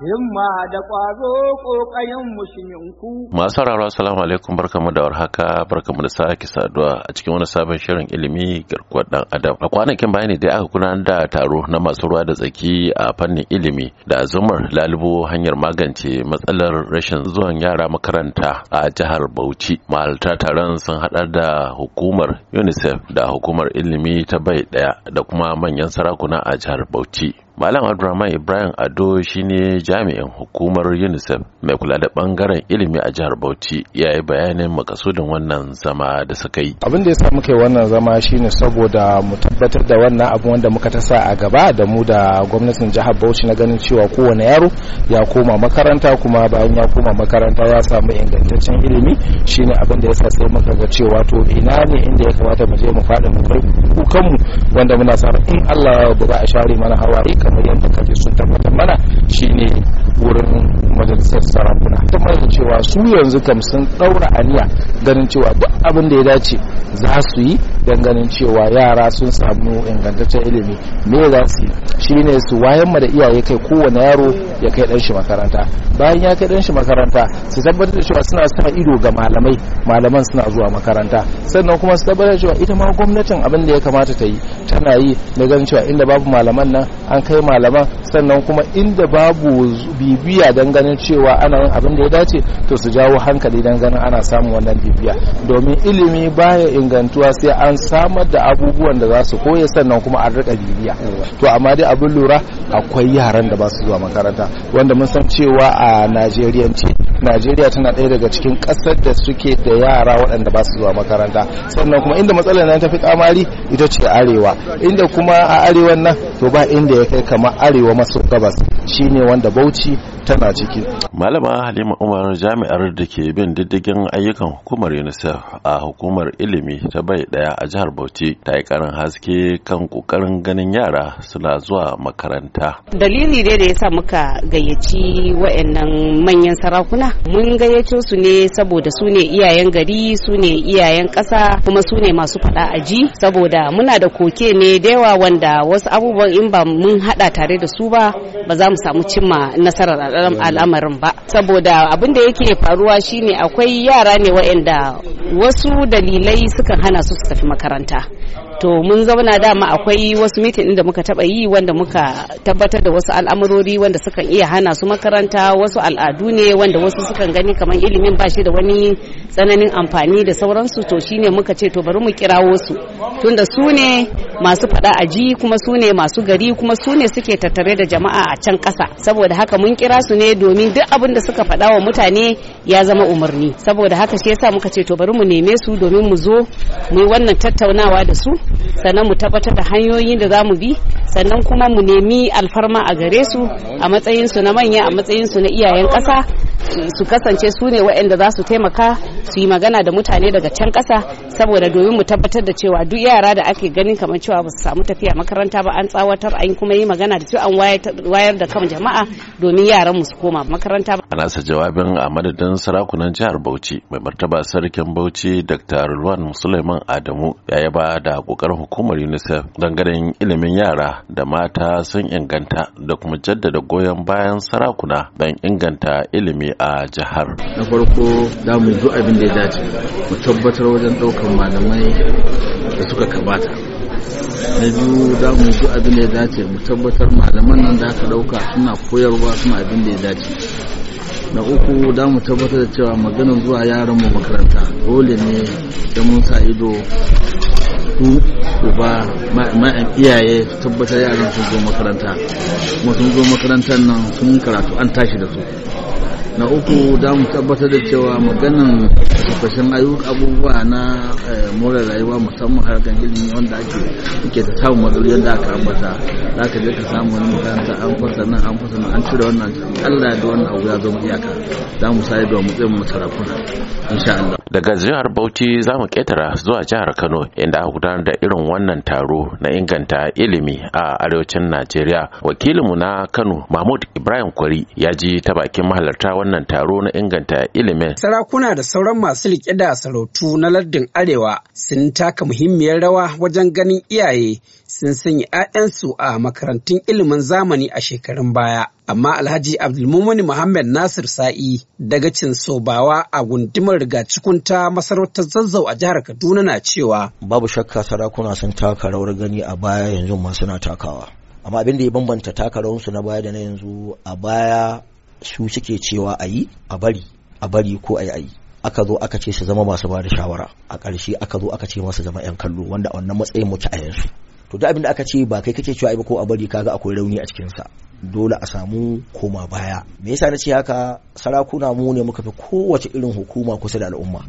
himma da ƙwazo ƙoƙayen Masu sauraro assalamu alaikum barkamu da warhaka barkamu da sake saduwa a cikin wani sabon shirin ilimi garkuwar ɗan adam. A kwanakin bayani dai aka gudanar da taro na masu ruwa da tsaki a fannin ilimi da zumar lalubo hanyar magance matsalar rashin zuwan yara makaranta a jihar Bauchi. Mahalarta taron sun haɗar da hukumar UNICEF da hukumar ilimi ta bai ɗaya da kuma manyan sarakuna a jihar Bauchi. Malam Abdulrahman Ibrahim Ado shine jami'in hukumar UNICEF mai kula da bangaren ilimi a jihar Bauchi ya yi bayanin makasudin wannan zama da suka yi. Abin da ya sa muka wannan zama shine saboda mu tabbatar da wannan abu wanda muka ta sa a gaba da mu da gwamnatin jihar Bauchi na ganin cewa kowane yaro ya koma makaranta kuma bayan ya koma makaranta ya samu ingantaccen ilimi shine abin da ya sa sai muka ga cewa to ina ne inda ya kamata mu je mu faɗi mu kai kukanmu wanda muna sa in Allah ya a share mana hawaye kamar yadda kaje sun tabbatar mana shine wurin majalisar sarakuna ta mai cewa su yanzu kam sun daura aniya ganin cewa duk abin da ya dace za su yi don ganin cewa yara sun samu ingantaccen ilimi me za su yi ne su wayan ma da iyaye kai kowane yaro ya kai dan shi makaranta bayan ya kai dan shi makaranta su tabbatar da cewa suna sa ido ga malamai malaman suna zuwa makaranta sannan kuma su tabbatar da cewa ita ma gwamnatin abin da ya kamata ta yi tana yi da ganin cewa inda babu malaman nan an kai malaman sannan kuma inda babu bibiya don ganin ganin cewa ana yin abin da ya dace to su jawo hankali don ganin ana samun wannan bibiya domin ilimi baya ingantuwa sai an samar da abubuwan da za su koya sannan kuma an rika bibiya to amma dai abin lura akwai yaran da ba su zuwa makaranta wanda mun san cewa a ce najeriya tana ɗaya daga cikin ƙasar da suke da yara waɗanda ba su zuwa makaranta sannan kuma inda matsalar nan tafi kamari ita ce arewa inda kuma a arewan nan to ba inda ya kai kamar arewa maso gabas shine wanda bauchi tana ciki ciki. Malama Halima Umar jami'ar da ke bin diddigin ayyukan hukumar UNICEF a hukumar ilimi ta bai daya a jihar Bauchi ta yi karin haske kan kokarin ganin yara suna zuwa makaranta. Dalili dai da sa muka gayyaci waɗannan manyan sarakuna mun gayyace su ne saboda su ne iyayen gari su ne iyayen ƙasa kuma su ne masu faɗa aji saboda muna da koke ne da yawa wanda wasu abubuwan in ba mun haɗa tare da su ba ba za mu samu cimma nasarar al'amari al'amarin ba saboda abin da yake faruwa shine akwai yara ne waɗanda wasu dalilai sukan hana su su tafi makaranta to mun zauna dama akwai wasu mitin da muka taba yi wanda muka tabbatar da wasu al'amurori wanda sukan iya hana su makaranta wasu al'adu ne wanda wasu sukan gani kamar ilimin ba shi da wani tsananin amfani da sauransu to shine muka ce to bari mu kirawo su tunda su ne masu fada aji kuma su ne masu gari kuma su ne suke tattare da jama'a a can kasa saboda haka mun kira su ne domin duk abin da suka faɗa wa mutane ya zama umarni saboda haka shi yasa muka ce to bari mu neme su domin mu zo mu yi wannan tattaunawa da su sannan mu tabbatar da hanyoyin da za mu bi sannan kuma mu nemi alfarma a gare su a matsayinsu na manya a matsayinsu na iyayen ƙasa su kasance su ne waɗanda za su taimaka su yi magana da mutane daga can ƙasa saboda domin mu tabbatar da cewa duk yara da ake ganin kamar cewa ba su samu tafiya makaranta ba an tsawatar an kuma yi magana da cewa an wayar da kan jama'a domin yaran mu su koma makaranta ba. Ana sa jawabin a madadin sarakunan jihar Bauchi mai martaba sarkin Bauchi Dr. Ruwan Suleiman Adamu ya yaba da kokarin hukumar UNICEF dangaren ilimin yara da mata sun inganta da kuma jaddada goyon bayan sarakuna don inganta ilimi a jihar. Na farko za mu duk abin da ya dace mu tabbatar wajen ɗaukar malamai da suka kamata. Na biyu za mu duk abin da ya dace mu tabbatar malaman nan da aka ɗauka suna koyarwa suna abin da ya dace. Na uku za mu tabbatar da cewa maganar zuwa yaran mu makaranta dole ne da mun sa ido su uba iyaye tabbatar yaran sun zo makaranta kuma sun zo makarantar nan sun karatu an tashi da su na uku za mu tabbatar da cewa maganan kashin ayyuka abubuwa na eh, more rayuwa musamman harkar ilimi wanda ake ke ta samun matsalolin da aka ambata za ka je ka samu wani makaranta an fasa nan an fasa nan an cire wannan allah da wannan abu ya zama iyaka za mu sa ido mu tsaye mu sarakuna insha allah daga jihar bauchi za mu ketara zuwa jihar kano inda aka gudanar da irin wannan taro na inganta ilimi a arewacin najeriya wakilinmu na kano mahmud ibrahim kwari ya ji ta bakin mahalarta wannan taro na inganta ilimin sarakuna da sauran masu masu rike da sarautu na lardin arewa sun taka muhimmiyar rawa wajen ganin iyaye sun sanya 'ya'yansu a makarantun ilimin zamani a shekarun baya. Amma Alhaji Abdulmumuni Muhammad Nasir Sa'i daga Cinsobawa a gundumar rigacikunta masarautar zazzau a jihar Kaduna na cewa. Babu shakka sarakuna sun taka rawar gani a baya yanzu ma suna takawa. Amma abin da ya bambanta taka rawarsu na baya da na yanzu a baya su suke cewa "Ayi yi a bari a bari ko a yi a yi aka zo aka ce su zama masu ba da shawara a ƙarshe aka zo aka ce masu zama 'yan kallo wanda a wannan matsayin mu ci a yanzu to da abin da aka ce ba kai kake cewa ba ko a bari kaga akwai rauni a cikin sa dole a samu koma baya me yasa na ce haka sarakuna mu ne muka fi kowace irin hukuma kusa da al'umma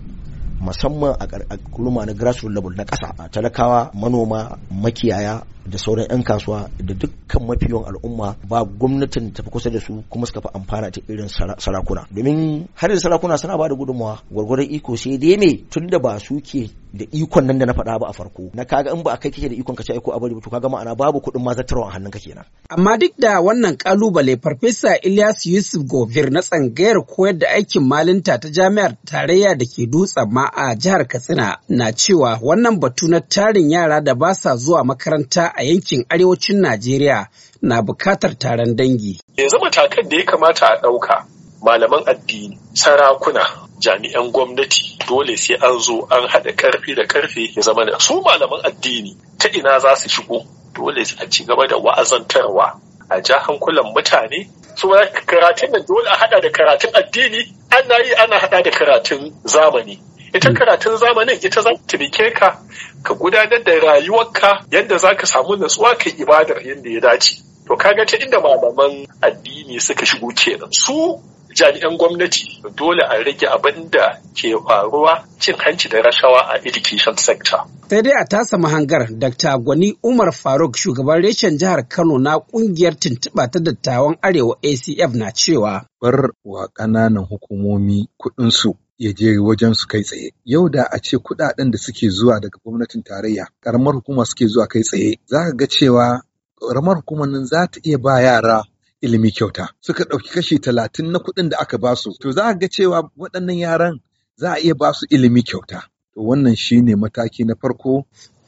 musamman a kuluma na grassroots level na ƙasa talakawa manoma makiyaya da sauran 'yan kasuwa da dukkan mafiyon al'umma ba gwamnatin tafi kusa da su kuma suka fi amfana ta irin sarakuna domin har da sarakuna suna ba da gudunmawa gwargwaron iko sai dai me tun da ba su ke da ikon nan da na faɗa ba a farko na kaga in ba a kai kike da ikon ka ce aiko a bari to kaga ma'ana babu kuɗin ma zattarwa a hannunka kenan amma duk da wannan kalubale farfesa Ilyas Yusuf Gofir na tsangayar koyar da aikin malinta ta jami'ar tarayya da ke dutsen ma a jihar Katsina na cewa wannan batu na tarin yara da ba sa zuwa makaranta a yankin arewacin Najeriya na bukatar taron dangi. Yanzu matakan da ya kamata a ɗauka malaman addini, sarakuna, jami'an gwamnati dole sai an zo an haɗa ƙarfi da ƙarfe ya zama da su malaman addini ta ina za su shigo dole a ci gaba da wa'azantarwa a ja hankulan mutane su karatun nan dole a haɗa da karatun addini ana yi ana haɗa da karatun zamani ita hmm. karatun zamanin ita za ta bike ka ka gudanar da rayuwarka yadda za ka samu natsuwa ka ibadar yadda ya dace to kaga ta inda malaman addini suka shigo kenan su jami'an gwamnati dole a rage abin da ke faruwa cin hanci da rashawa a education sector. Sai dai a tasa mahangar Dr. Gwani Umar Faruk shugaban reshen jihar Kano na kungiyar tuntuɓa ta dattawan Arewa ACF na cewa. Bar wa ƙananan hukumomi kuɗinsu ya je wajen su kai tsaye yau da a ce kuɗaɗen da suke zuwa daga gwamnatin tarayya karamar hukuma suke zuwa kai tsaye za ka ga cewa karamar hukumar nan za ta iya ba yara ilimi kyauta suka ɗauki kashi talatin na kuɗin da aka basu to za ka ga cewa waɗannan yaran za a iya basu ilimi kyauta to wannan shine mataki na farko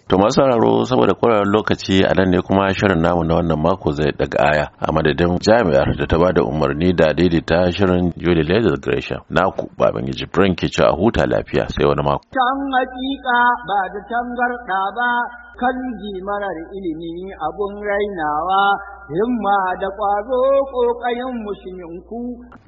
To masu sauraro saboda kwararren lokaci a nan ne kuma shirin namu na wannan mako zai daga aya a madadin jami'ar da ta bada umarni da daidaita shirin Julie Leather Gresham. Naku baban yaji Frank ke a huta lafiya sai wani mako. Can hakika ba da tangarɗa ba kan marar ilimi abun rainawa himma da ƙwazo ƙoƙarin musulminku